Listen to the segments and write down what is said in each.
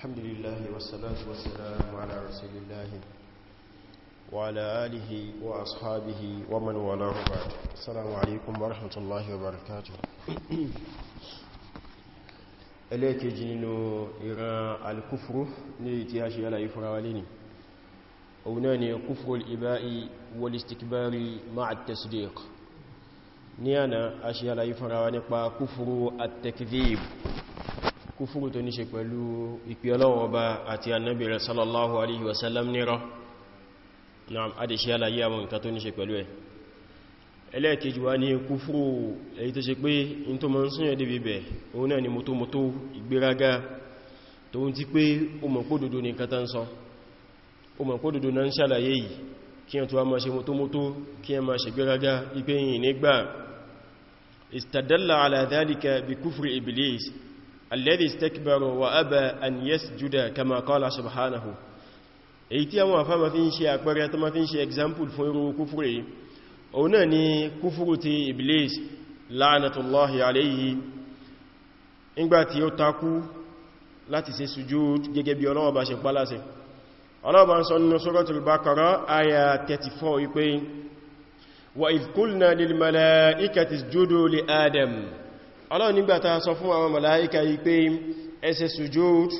الحمد لله والصلاة والسلام على رسول الله وعلى آله وأصحابه ومن والاه بعد السلام عليكم ورحمة الله وبركاته إليك جنين إراء الكفر لإتهاش على إفراء وليني أولاني كفر الإباء والاستكبار مع التصديق نيانا أشياء لا يفرعون يقبع كفر التكذيب kúfúrú tó ní ṣe pẹ̀lú ìpí ọlọ́wọ́ ọba àti annabi rẹ̀ sallallahu alaihi wasallam nírọ́ na adìṣẹ́ alayé àwọn nǹkan tó ní ṣe pẹ̀lú ẹ̀ ẹlẹ́ẹ̀kejì wá ní kúfúrú èyí tó ṣe pé in tó mọ́ ń súnyẹ̀ débi bẹ̀ òun náà ni mọ́tọ́mọ́tọ́ ìgbéraga tó ń ti pé ó mọ̀ pó dòdó ní kátà alladhi istakbara wa aba an yasjuda kama qala subhanahu èyí tí àwọn àfá ma fi ń ṣe àpẹẹrẹ tó ma fi ń ṣe example fún irú kúfúrú yìí òun náà ni kúfúrú ti iblis la'natullahi alayhi ìgbàtí ó takú láti ṣe sujud gẹ́gẹ́ bí Ọlọ́run bá ṣe pálásẹ Ọlọ́run bá ń sọ nínú suratul Baqara aya 34 wípé wa idh qulna lil mala'ikati isjudu li Adam ọlọ́run nígbàtà sọ fún àwọn mọ̀láíkà yí pé ẹsẹ̀ sujúd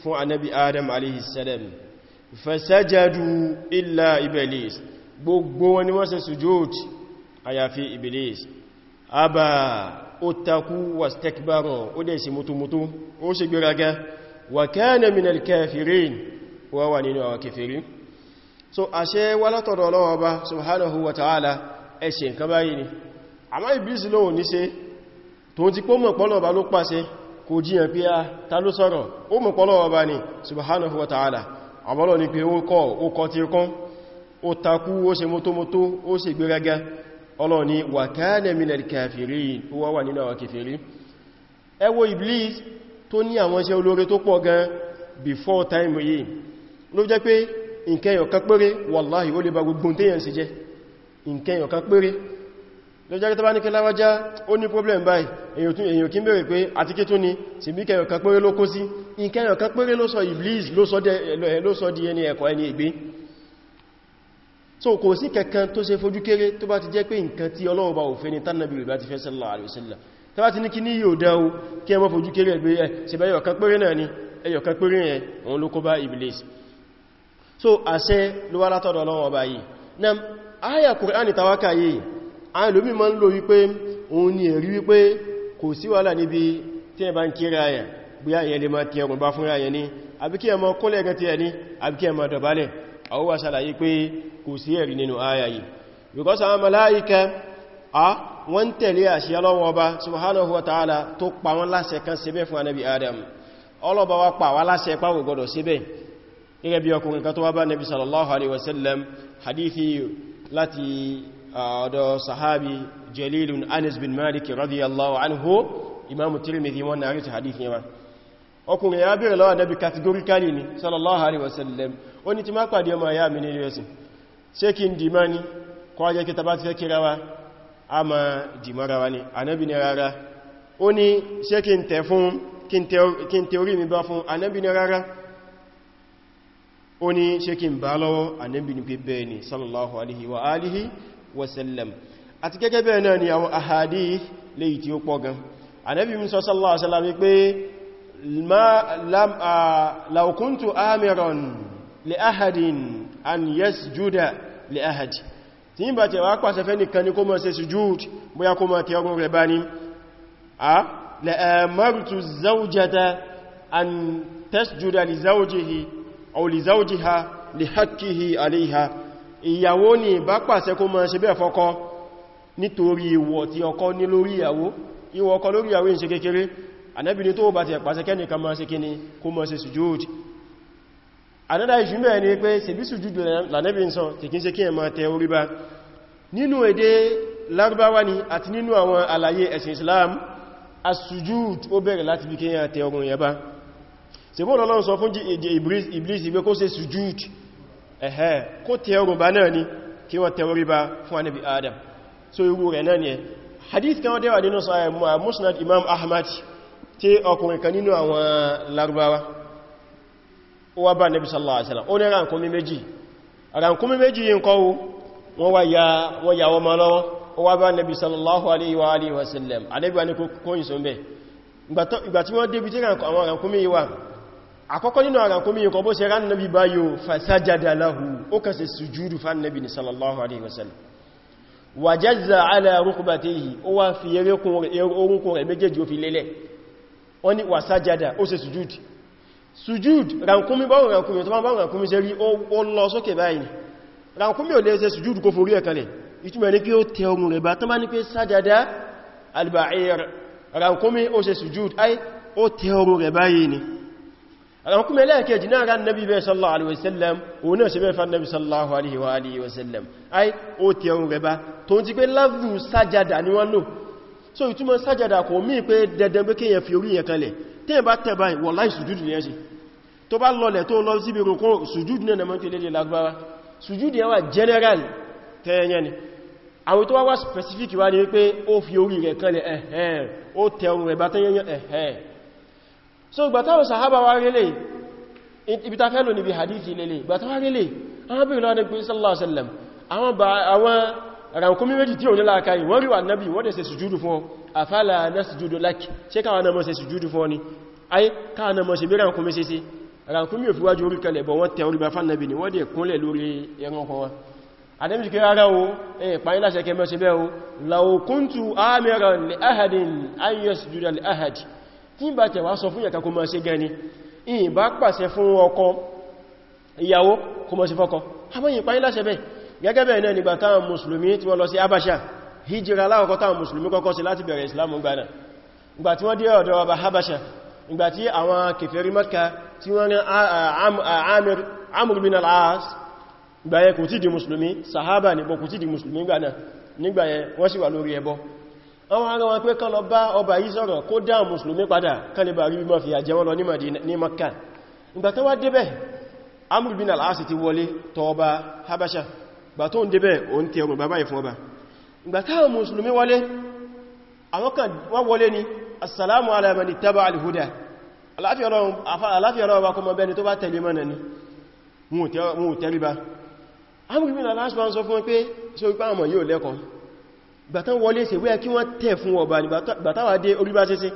fún anábi adam aleyhisselam fasajadu illa iblis gbogbo wọn ni wọ́n ṣe sujúd àyàfi iblis abà ó takú wastakbaro ó dẹ̀ sí mútúmútú ó ṣe gbéraga wa kana minal kafirin wọ́n wà nínú àwọn kafirin so àṣẹ wá látọ̀dọ̀ ọlọ́wọ́ bá subhanahu wa ta'ala ẹ̀ṣẹ̀ nǹkan báyìí ni àmá ìbísí lóhun ní ṣe tó ti pọ́ mọ̀ pọ́lọ̀ bá ló pàṣẹ kò jíyàn pé a ah, ta ló sọ̀rọ̀ ó mọ̀ pọ́lọ̀ bá ní subhanahu wa ta'ala àbọ́lọ̀ ni pé ó kọ́ ó kọ́ ti kán ó takú ó ṣe mótómótó ó ṣe gbéraga ọlọ́ wà nínú Iblis tó ní àwọn iṣẹ́ olóore before time yìí ló jẹ́ pé nkẹyàn kan péré wallahi ó lè ba gbogbo ló jẹ́ tó bá ní kí láwájá ó ní problem báyìí èyàn kí ń bèèrè pé àti kí tó ní sì bí kẹyàn kan péré ló kó sí ìkẹyàn kan péré ló sọ iblis ló sọ di ẹni ẹ̀kọ́ ẹni ìgbé so kò sí kankan tó ṣe fojú kéré tó bá ti jẹ́ pé nǹkan tí Ọlọ́run bá ni tánàbí rẹ̀ bá ti fẹ́ sallallahu alaihi wasallam tó bá ti ní kí ní yóò dá o kí ẹ má fojú kéré ẹgbẹ́ eh, ni ẹyọ̀kan àwọn ìlú mímọ̀ ń lò wípé òun ni èrí wípé kò sí wàhálà níbi tí ẹ bá ń kíra ayẹ̀ bí ayẹ̀ lè máa ti ẹ̀rùn bá fúnra ayẹ̀ ní àbí kí ẹ ti ẹ̀ ní àbí dọ̀bálẹ̀ àwọn wá pé kò sí ẹ̀rí nínú ayà yìí because àwọn màláíkà a wọ́n tẹ̀lé àṣíyà lọ́wọ́ ọba subhanahu wa ta'ala tó pa wọ́n láṣẹ kan adam ọlọ́ba wa pa wá láṣẹ pàwọ̀ gbọdọ̀ síbẹ̀ gẹ́gẹ́ bí nabi sallallahu alaihi wasallam hadithi láti ọ̀dọ̀ sahabi jalilun anis bin malik radiyallahu anhu imamu tirmidhi wọn na rí ta hadithi yawa ọkùnrin ya bèèrè lọ́wọ́ nabi categorically ni sallallahu alaihi wasallam ó ní ti má pàdé ọmọ ya mini rẹ̀sìn ṣe kí n dìmá ní kọ́ ajẹ́ kí tàbá fẹ́ kírawa a ma dìmarawa ni anábi ni rárá ó ní ṣe kí n tẹ fún kí n tẹ mi bá fún anábi ni rárá ó ní ṣe kí n bá lọ́wọ́ anábi ni pé bẹ́ẹ̀ ni sallallahu alaihi wa alihi wasallam àti gẹ́gẹ́ bẹ́ẹ̀ náà ni àwọn ahadith lè tí ó pọ̀ gan Ànábì Mùsá sallallahu alaihi wasallam pé law kuntu amiran li ahadin an yasjuda li ahad tí yí bá tẹ̀ wá pàṣẹ fẹ́ nìkan ní kó mọ́ ṣe sujúd bóyá kó mọ́ tẹ ọgbọ̀n rẹ̀ bá ní a la ìyàwó ni bá pàṣẹ kó máa ṣe bẹ́ẹ̀ fọ́kọ nítorí ìwọ̀ tí ọkọ ní lórí ìyàwó ìwọ̀ ọkọ lórí ìyàwó ìṣe kékeré Ànábì ní tó bá ti pàṣẹ kẹ́nìkan máa ṣe máa ṣe sùjúd ni pé ṣebí sùjúd lànẹ́bì ń sọ ṣe kí ẹ máa tẹ orí bá Islam asùjúd ó bẹ̀rẹ̀ láti bí kí ẹ tẹ ọrùn yẹba ṣebí Ọlọ́run sọ fún Iblis ẹ̀hẹ́ kó tẹ́rù naa náà ni kí wọ́n tẹ́rù rí bá fún anábi adam so irú rẹ̀ náà ni ẹ̀ hadith kan dẹ́wà nínú sọ́yẹ̀ musnad imam ahmad tí ọkùnrin kan nínú àwọn larbawa ó bá nabi sallallahu alaihi wasallam ó ní ránkúnmí méjì méjì ya nabi sallallahu wasallam àkọ́kọ́ nínú àràkómi ikọ̀ bó ṣe rán nabi báyò fasajada lahu ó kà sí sujúdù fan nabi ni sallallahu alaihi wasallam wà jazza ala rukbatihi ó wá fi orúnkún rẹ̀ méjèèjì ó fi lélẹ̀ wọ́n ni wà sajada ó ṣe sujúd sujúd rankumi báwọn rankumi tó báwọn rankumi ṣe rí ó lọ sókè báyìí rankumi ò lè ṣe sujúd kó forí ẹ̀ kalẹ̀ ní kí ó tẹ ọrùn rẹ̀ bá tán bá ní pé sajada alba'ir rankumi ó ṣe sujúd ai ó tẹ ọrùn rẹ̀ báyìí ni الحكم لك جناغ النبي صلى الله عليه وسلم ونفس بفا النبي صلى الله عليه وآله وسلم أي أوتي أمغبا تونتي بي لفظ سجد ni wọ́n lò so ìtumọ̀ sájádà kò mí pé dandan pé kíyàn fi orí yẹn kanlẹ̀ tí ẹ bá tẹ̀bá wàláhì sùjúdù ní ẹ̀ṣì tó bá lọlẹ̀ tó lọ sí ibìrùn kún sùjúdù náà mọ́ tẹ́lẹ̀ lágbára sùjúdù yẹn wà general tẹ́yẹn ni àwọn tó wá wá specific wá ní pé ó fi orí rẹ̀ kanlẹ̀ ẹ̀hẹ́n ó tẹ̀ so ìgbàtàwọn sahaba wa rẹ̀lẹ̀ ibitafẹ́lò níbi hadithi lẹ́lẹ̀ ìgbàtàwọn rẹ̀lẹ̀ àwọn bí ìlànà pín sallallahu alaihi wasallam àwọn ràǹkúmí méjì tí ò ní láàkàí wọ́n ríwà nábi wọ́n dẹ̀ ṣe sùjúdù fún ọ àfàlà náà sùjúdù láàkì ṣe káwọn náà mọ́ ṣe sùjúdù fún ọ ni ayé káwọn náà mọ́ ṣe bí ràǹkúmí ṣe ṣe ràǹkúmí ò fíwájú orí kalẹ̀ bọ̀ wọ́n tẹ orí bá fánàbì ni wọ́n rárá o ìpàyí láṣẹ kẹmọ́ ṣe bẹ́ o law kuntu amiran li ahadin an yasjuda li tí ń bá tẹ̀wà sọ fún ìyàkà kó máa ṣe gẹni ìyìn bá pàṣẹ fún ọkọ ìyàwó kó máa ṣe fọ́kọ amóyìn pa ní láṣẹ bẹ́ gẹ́gẹ́ bẹ́ẹ̀ náà nígbà táwọn mùsùlùmí tí wọ́n lọ sí Abasha hijira aláwọ̀kọ́ táwọn mùsùlùmí kọ́kọ́ sí láti bẹ̀rẹ̀ Islam gbana ìgbà tí wọ́n sahaba ní bọ̀ kò tí di mùsùlùmí gbana nígbà yẹn àwọn ará wọn pé kan lọ bá ọba yìí sọ̀rọ̀ kó dá mùsùlùmí padà kan lè bá rí mọ́ fi àjẹ́ wọn lọ ní Makka ìgbà tó wá débẹ̀ Amr bin al-As ti wọlé tọba Habasha ìgbà tó ń débẹ̀ òun tẹ ọmọ bàbá ìfún ọba ìgbà táwọn mùsùlùmí wọlé àwọn kan wọ́n wọlé ni assalamu ala man ittaba al-huda aláfíà ọlọ́run bá kọmọ gbàtán wọlé ṣe wíyà kí wọ́n tẹ̀ fún ọba ní gbàtàwà dé orí bá ṣeṣe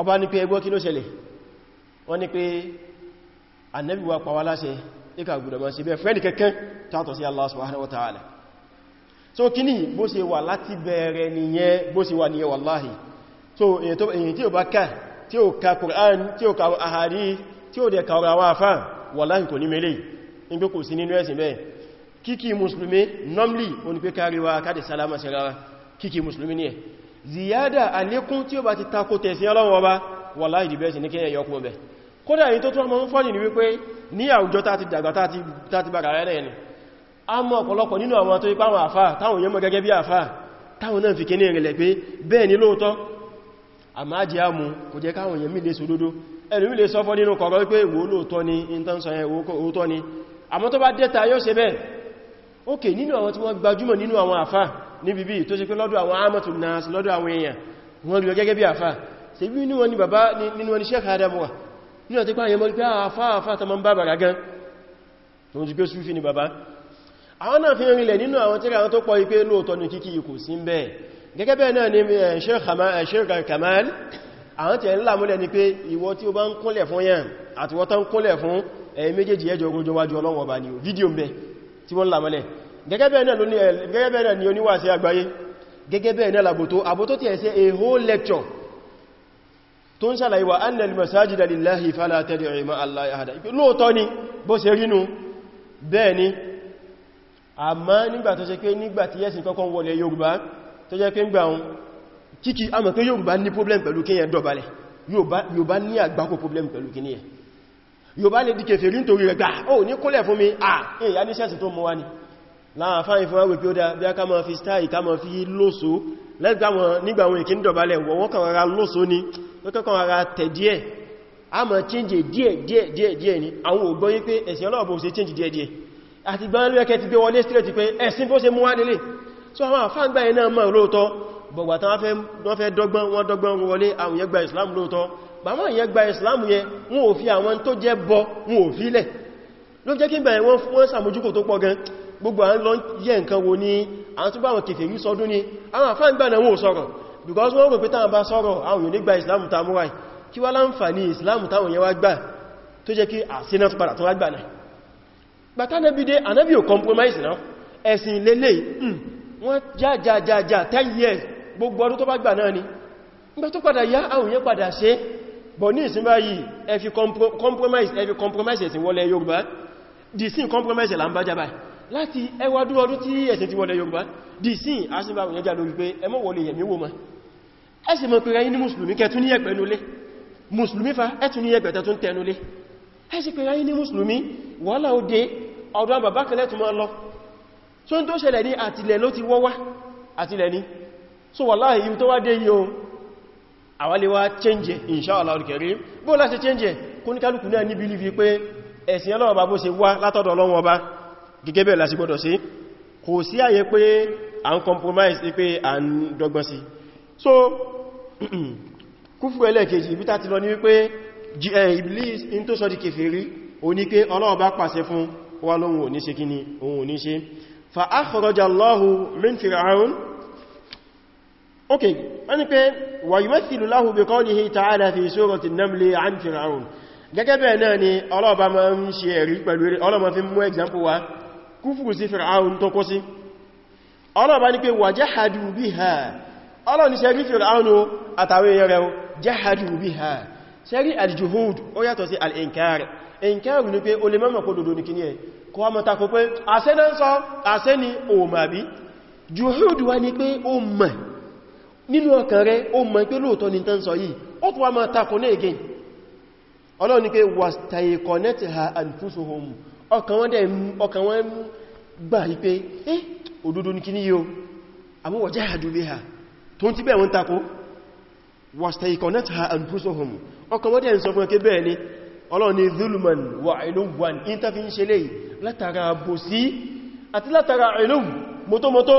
ọba ní pé ẹgbọ́ kí ló ṣẹlẹ̀ wọ́n ní pé Ànábì wa pàwà láṣẹ ìkà gbọ́dọ̀ máa bẹ́ẹ̀ fẹ́ẹ̀dì kẹ́kẹ́ tààtọ̀ sí Allah subhanahu wa ta'ala so kíní bó ṣe wà láti bẹ̀rẹ̀ nìyẹn bó so èyàn tí ó bá ká tí ó ka Qur'an tí ó ka ahadi tí ó dẹ̀ kíkí musulmi normally o ní pé káríwá káàdì salama sí rárá kíkí musulmi ní ẹ̀ ziyada alékún tí ó bá ti takò tẹ̀sí ọlọ́wọ́ bá wallahi ìdìbẹ̀ sí ní kí ẹyọ kún ọbẹ̀ kódà èyí tó tún ọmọ fọ́nì ní wípé ní àwùjọ tàti dàgbà tàti ni a mọ́ ọ̀pọ̀lọpọ̀ nínú àwọn tó ipá àwọn àfá táwọn yẹmọ́ gẹ́gẹ́ bí àfá táwọn náà fi kíní ìrìnlẹ̀ pé bẹ́ẹ̀ ni lóòótọ́ àmá jẹ́ àmú kò jẹ́ káwọn yẹmí lè sọ dódó ẹlùmí lè sọ fọ́ ni intanṣọ́ yẹn òótọ́ ni àmọ́ tó bá dẹ́ta yóò ṣe bẹ́ẹ̀ ok nínú àwọn tí wọ́n gbajúmọ̀ nínú àwọn àfá ní bíbí tó ṣe pé lọ́dọ̀ àwọn amatu nas lọ́dọ̀ àwọn èèyàn wọ́n rí gẹ́gẹ́ bí àfá ṣe bí nínú wọn ni bàbá nínú wọn ni Sheikh Adam wà nínú àti pé àyẹmọ́ ah, pé àfá àfá ta ma ń bá ni bàbá àwọn náà fi rinlẹ̀ nínú àwọn tíra àwọn tó pọ̀ ipé lóòtọ́ ní kíkí kò sí eh, eh, Kamal àwọn tí ẹ̀ ńlá múlẹ̀ ni pé ìwọ tí ó bá ń kúnlẹ̀ fún yàn àti wọ́n fídíò bẹ́ẹ̀ tí wọ́n lámọ́lẹ̀ eh, gẹ́gẹ́ bẹ́ẹ̀ náà ni oníwàásí àgbáyé gẹ́gẹ́ bẹ́ẹ̀ náà làbòtó àbòtó tí ẹ̀ sí a whole lecture tó ń sàlàyé wa anna al-masajida lillahi fala tad'u ma'a Allahi ahada lóòtọ́ ni bó ṣe rínú bẹ́ẹ̀ ni àmá nígbà tó ṣe pé nígbà tí ẹ̀sìn kọ́kọ́ wọlé Yorùbá tó jẹ́ pé ń gbà ohun problem pẹ̀lú kíyàn yóò lè díkẹ̀ fèrí nítorí rẹ̀ gbà ó ní kúnlẹ̀ fún mi à ìyá ní ṣẹ́sì tó mọ́ wá ní láàfáàyìn fún wáwẹ̀ pé ó dá bí a ká mọ́ fi stáì ká mọ́ fi lóso nígbàwọn ìkín dọ̀bálẹ̀ wọ́n kàn rárá lóso ní lọ́kọ̀kan rárá tẹ̀ díẹ̀ a mọ̀ change e díẹ̀ díẹ̀ díẹ̀ díẹ̀ ni àwọn ògbọ́n yí pé ẹ̀sìn ọlọ́ọ̀bọ̀ ṣe change díẹ̀ díẹ̀ àti gbọ́n lẹ́kẹ́ ti gbé wọlé straight pé ẹ̀sìn bó ṣe mú wá délé so àwọn àfáàgbà yẹn náà mọ̀ lóòtọ́ bọ̀gbà tán wọ́n fẹ́ dọ́gbọ́n wọ́n dọ́gbọ́n wọlé àwọn yẹn gba Islam lóòtọ́ bàmọ́ ìyẹn gba ìsìláàmù yẹn wọn ò fi àwọn tó jẹ́ bọ wọn ò fi lẹ̀ ló jẹ́ kí bẹ̀rẹ̀ wọ́n fún wọ́n sàmójúkò tó pọ̀ gan gbogbo àwọn lọ yẹ nǹkan wo ní àwọn tó bá wọn kèfèrí sọdún ní àwọn àfáàgbà náà wọn ò sọ̀rọ̀ because wọ́n rò pé táwọn bá sọ̀rọ̀ àwọn yóò nígbà ìsìláàmù tamurai kí wá láǹfààní ìsìláàmù táwọn yẹn wá gbà tó jẹ́ kí àsínà tó padà tó wá gbà náà bàtà nẹ́bí dé ànẹ́bí ò compromise náà ẹ̀sìn lélẹ̀ hmm, wọ́n jájájájá 10 years gbogbo ọdún tó bá gbà náà ni nígbà tó padà yá àwọn yẹn padà ṣe but ní ìsinmi báyìí ẹ fi compromise ẹ fi compromise ẹ̀sìn wọlé Yorùbá di sin compromise ẹ̀là ń bá jábá láti ẹwàdú ọdún tí ẹ̀sìn ti wọlé Yorùbá di sin asínbà òyìn jà lórí pé ẹmọ́ wọlé yẹ̀mí wò mọ́ ẹ sì mọ̀ pé ní mùsùlùmí kẹtún ní ẹgbẹ̀ nulé mùsùlùmí fa ẹtún ní ẹgbẹ̀ tẹtún tẹnulé ẹ sì pé ráyí ní mùsùlùmí wọ́lá ó dé ọdún bàbá kẹlẹ̀ tún máa ti wọ́wá àtìlẹ̀ ní so wàláhì yìí tó wá àwálewà change insha Allah al-karim bó láti change kún kálùkù náà níbi lífi pé ẹ̀sìn Ọlọ́run bá bó ṣe wá látọ̀dọ̀ Ọlọ́run ọba gẹ́gẹ́ bẹ̀rẹ̀ láti gbọ́dọ̀ sí kò sí àyè pé à ń compromise pé à ń dọ́gbọ́n so kúfù ẹlẹ́kejì ibi tá ti Iblis in tó sọ di kèfèrí o ní pé Ọlọ́run bá pàṣẹ fún wa lóhun ò ní ṣe Allahu min ok wọ́n ni pé wà yíò mẹ́sìlú láhù bí kọ́ ní hìta àdá fi ṣòro ti namle an fir'aun gẹ́gẹ́ bẹ́ẹ̀ náà ni ọlọ́ọ̀bá ma ń ṣe ẹ̀rí pẹ̀lú eré ọlọ́ọ̀bá fi mú ẹgbẹ̀mpù wa kúfùrù sí fir'aun tó kó sí ọlọ́ọ̀bá ni pé wà jahadu biha ọlọ́ọ̀ni ṣe rí fir'aun àtàwé rẹ̀ jahadu biha ṣe rí al-juhud ó yàtọ̀ sí al-inkar inkar bí nínú ọkàn rẹ ó mọ̀ pé lóòtọ́ ni tán sọ yìí ó tó wá máa takò ní again ọlọ́run ni pé wastayqanatha anfusuhum ọkàn wọn gbà ipé eh òdodo ní kí ní yíó àmọ́ wa jahadu biha tó ń ti bẹ̀ wọ́n takò wastayqanatha anfusuhum ọkàn wọn dẹ̀ ń sọ fún ẹkẹ́ bẹ́ẹ̀ ni ọlọ́run ni zulman wa ilúwan ìntàfi ń ṣe lè látara bòsí àti látara ilú mọ́tọ́mọ́tọ́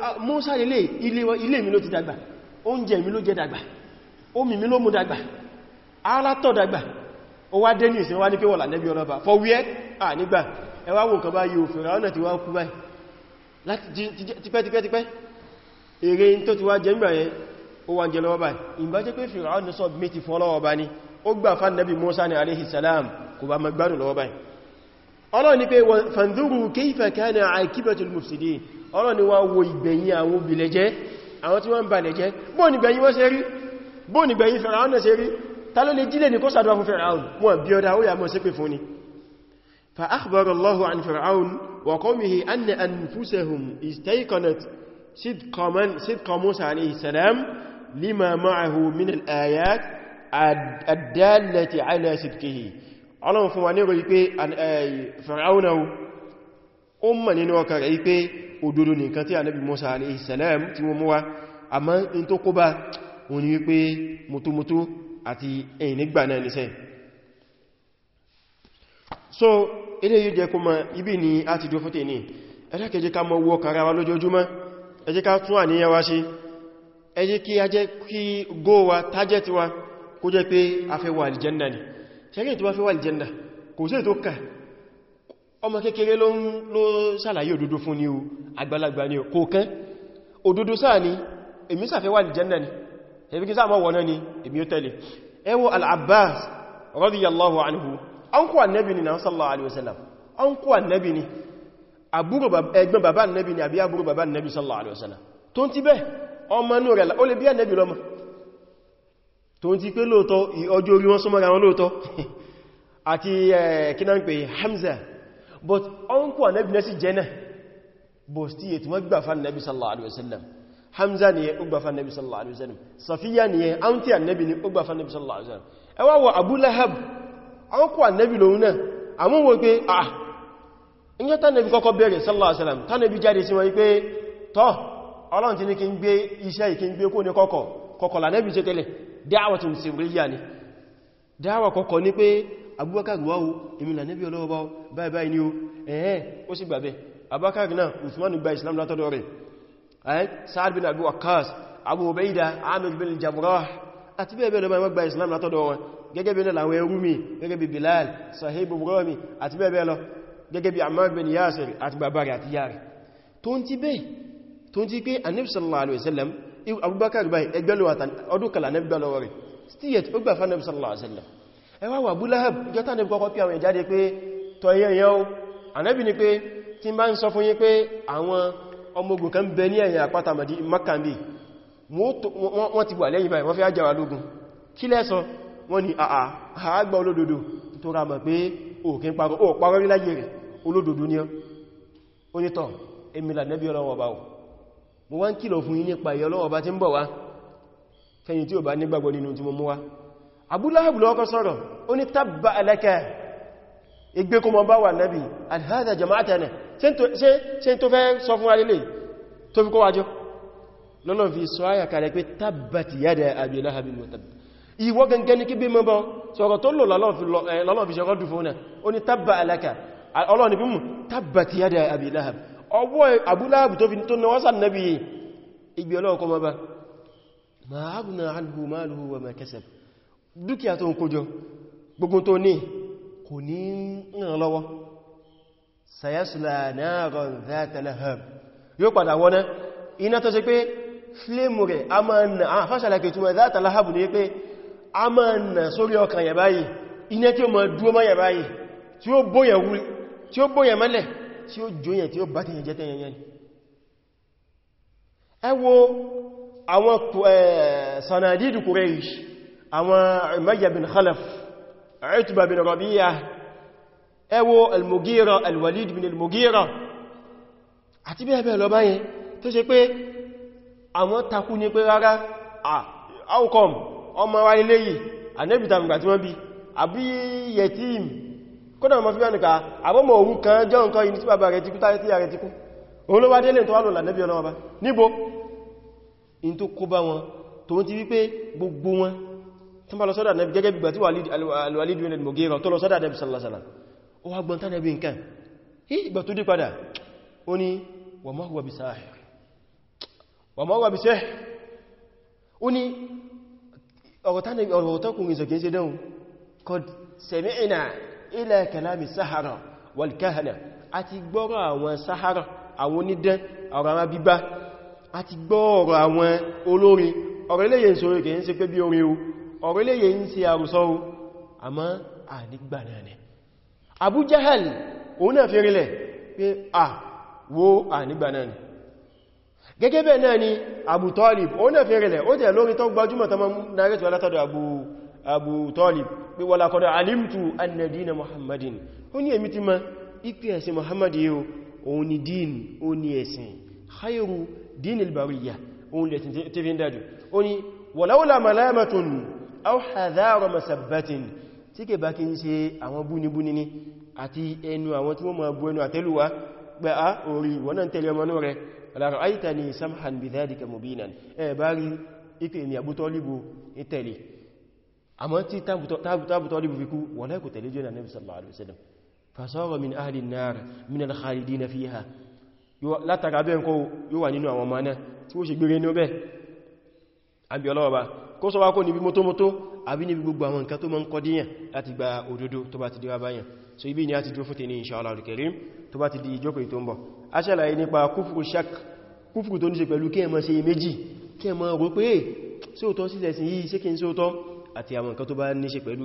Ah, Musa lélé ilé mi ló ti dàgbà oúnjẹ mi ló jẹ dàgbà omi mi ló mú dàgbà ara tọ́ dàgbà ó wá dé ní ìsinmi wá ní pé wọ́n lànẹ́bí ọlọ́bà fọ́wíẹ́ à nígbà ẹ wò kan bá yíò fèrè tí wá kú báyìí láti tipẹ́tipẹ́tipẹ́ ọlọ́ni wá wo ìgbẹ̀yìn àwọn obìnlẹ̀ jẹ́ àwọn tí wọ́n ń balẹ̀ jẹ́ bóò ní gbẹ̀yìn wọ́n ṣe rí bóò ní gbẹ̀yìn Fáráò náà ṣe rí ta ló lè jílẹ̀ ní kó sàdúwà fún Fáráò wọn bí ọdá ó yà mọ́ sí pé fún ni fa akhbara Allahu an Fáráò wa qawmihi anna eh, ó mọ̀ nínú ọkà rẹ̀ yí pé òdodo nìkan tí ànábì Mùsá alayhi salam tí wọ́n mú wá àmọ́ in tó kó bá wọn ni wípé mutumutu àti ẹ̀yìn nígbà náà nìsẹ́ so ilé yóò jẹ́ kó mọ̀ ibi ni a ti dúró fótè ní ẹjẹ́ jẹ́ ká mọ́ wọ́ kara wa lójoojúmọ́ ẹjẹ́ ká wa ṣe ẹjẹ́ kí ni ṣẹ́gẹ́ tó bá fẹ́ wà alìjẹ́ndà ọmọ kékeré ló ń ló sàlàyé òdodo fún ní o àgbàlagbà ní o kò kán òdodo sáà ni èmi sàfẹ́ wà jẹ́ndà ni ẹbí kí sáà mọ́ wọ́ná ni èmi ó tẹ́lẹ̀ ẹwọ al-Abbas radiyallahu anhu ọkọ̀ annabi ni na sallallahu alaihi wasallam ọkọ̀ annabi ni àbúrò ẹgbẹ́ bàbá annabi ni àbí àbúrò bàbá annabi sallallahu alaihi kí náà ń pè Hamza but uncle anabi na sì jẹ́ náà bó stí ètò wọ́n gbà fán nabi sallallahu alaihi wasallam hamza ni ó gbà fán nabi sallallahu alaihi wasallam safiya ni yẹ auntie anabi ni ó ẹ wá wo ah, ọlọ́run ti ní kí ń gbé iṣẹ́ ìkí ń gbé kó ní kọ́kọ̀ kọ́kọ̀ lànẹ́bí ṣe tẹ́lẹ̀ dáwà tó ń se wíyà ni dáwà kọ́kọ́ ní pé abubakar wá o ìmìnà níbi ọlọ́wọ́ báyìí báyìí ni o ẹ̀ẹ́ ó sì gbàbẹ̀ abubakar náà usman gba islam látọ́dọ̀ rẹ̀ ẹ́ sa'ad bin abu waqqas abu ubaida amir bin jamrah àti bẹ́ẹ̀ bẹ́ẹ̀ lọ bá gba islam látọ́dọ̀ wọn gẹ́gẹ́ bí láwọn ẹrú mi gẹ́gẹ́ bí bilal sahib umromi àti bẹ́ẹ̀ bẹ́ẹ̀ lọ gẹ́gẹ́ bí ammar bin yasir àti bàbá rẹ̀ àti yàrẹ̀ tó ń ti bẹ́ẹ̀ tó ń ti pé annabi sallallahu alaihi wasallam abubakar báyìí ẹwà wà Abu Lahab jọta ní kọ́kọ́ pí àwọn ìjáde pé tọ ẹyẹ yẹn o Ànábì ni pé tí bá ń sọ fún yín pé àwọn ọmọogun kan bẹ ní ẹ̀yìn àpáta màdí makambi wọ́n ti wà lẹ́yìn báyìí wọ́n fẹ́ ajáwà lógun kí lẹ́sọ wọ́n ni àà àágbà olódodo tó ra mọ̀ emila nẹ́bí ọlọ́wọ́ bá o mo wá ń kìlọ̀ fún yín nípa ìyọlọ́wọ́ bá ti abúláhàbù lọ́kọ́ sọ́rọ̀ ó ní tàbà alẹ́kẹ́ igbé kó mọ bá wà nábi alhada jama'atana ṣe tó fẹ́ sọ fún alílẹ̀ tó fi kó wájọ́ lọ́nà fi sọ ayà kalẹ̀ pé tàbà ti yádẹ abúláhàbù lọ́tàbà ìwọ gangan ní kí bí mọ́bọ́ sọ̀rọ̀ tó lọ́lọ́ fi ṣẹ́kọ́ eh, dù fún ó ní tàbà alẹ́kẹ́ ọlọ́ni bí mú tàbà ti yádẹ abúláhàbù ọwọ́ abúláhàbù tó fi maluhu wa ma kasab dúkìá tó ń kójọ gbogbo tó ní kò ní ràn sayasula naran dhata lahab yóò padà wọ́ná iná tó ṣe pé flame rẹ̀ a máa nà á fásàlàkì túnmọ̀ dhata lahab ní pé a máa nà sórí ọkàn yà báyìí iná tí ó máa dúó máa yà báyìí tí ó bóyàn wúrí tí ó bóyàn mẹ́lẹ̀ tí ó jóyàn tí ó bá tẹ̀yàn jẹ́ àwọn Umayya bin Khalaf Utba bin Rabi'ah ẹ wo al-Mughira al-Walid bin al-Mughira àti bẹ́ẹ̀ bẹ́ẹ̀ lọ báyẹn tó ṣe pé àwọn takú ní pé rárá outcome ọmọ wa ilé yìí anẹ́bìta mìgbà tí wọ́n bí àbí yetim kódà mọ́ fíwá nìka àbọ́mọ̀ òun kan jọ nǹkan yìí tí bàbá rẹ̀ ti kú táyé tí yà rẹ̀ ti òun ló wá délé tó wà lọ́la nẹ́bí ọlọ́wọ́ bá níbo in tó kó bá wọn tó ń ti wípé gbogbo wọn tán bá lọ sọ́dọ̀ nẹ́bí gẹ́gẹ́ gbígbà tí alwalid ibn al-Mughira tó lọ sọ́dọ̀ nẹ́bí sallallahu alaihi wasallam ó wá gbọ́ntá nẹ́bí nǹkan hí ìgbà tó dé padà ó ní wa ma huwa bisahir wa ma huwa bisahir ó ní ọ̀rọ̀tọ́kùnrin sọ̀kẹ́ sí dẹ́hùn qad sami'na ila kalami sahara wal àti gbọ́rọ̀ àwọn sahara àwọn onídán ọ̀rọ̀ àwọn bíbá àti gbọ́rọ̀ àwọn olórin ọ̀rọ̀ iléyìn sọ̀rọ̀ kìí sí pé bí orin o ọ̀rọ̀ eléyìí ń ṣe àrùsọ àmọ́ ànígbà náà ni Abu Jahal òun náà fi rílẹ̀ pé à wo ànígbà náà ni gẹ́gẹ́ bẹ́ẹ̀ náà ni Abu Talib òun náà fi rílẹ̀ ó jẹ́ lórí tó gbajúmọ̀ tó mọ́ narẹ́tù alátọ́dọ̀ Abu Abu Talib pé walaqad alimtu anna aw hadhara masabbatin tí kè bá kí ń ṣe àwọn búnibúni ní àti ẹnu àwọn tí wọ́n ma bú ẹnu àtẹ́lúwà pẹ́ a ah, orí wọ́n náà tẹ́lẹ̀ ọmọ rẹ̀ alára àìta ni samhan bidhalika mubinan ẹ bá rí ipé mi àbútọ́líbù ìtẹ̀lẹ̀ àmọ́ tí tábútọ́líbù fi kú wọ́n lẹ́kù tẹ̀lé jẹ́ nabi sallallahu alaihi wasallam fasara min ahli an-nar min al-khalidina fiha látara bẹ́ẹ̀ kó yóò wà nínú àwọn ọmọ náà tí ó ṣe gbére ní ọbẹ̀ àbí ọlọ́ọ̀bá kó sọ wá kó níbi mọ́tọ́mọ́tọ́ àbí níbi gbogbo àwọn nǹkan tó mọ́ ń kọ́ díyàn láti gba òdodo tó bá ti di wá báyàn so ibi ni a ti dúró fún tèní inṣàlá olùkẹrìm tó bá ti di ìjókòó tó ń bọ̀ a ṣàlàyé nípa kúfùrù shak kúfùrù tó ní ṣe pẹ̀lú kí ẹ má ṣe méjì kí ẹ má rò pé sóòtọ́ sílẹ̀ sí yìí ṣé kí n sóòtọ́ àti àwọn nǹkan tó bá ní ṣe pẹ̀lú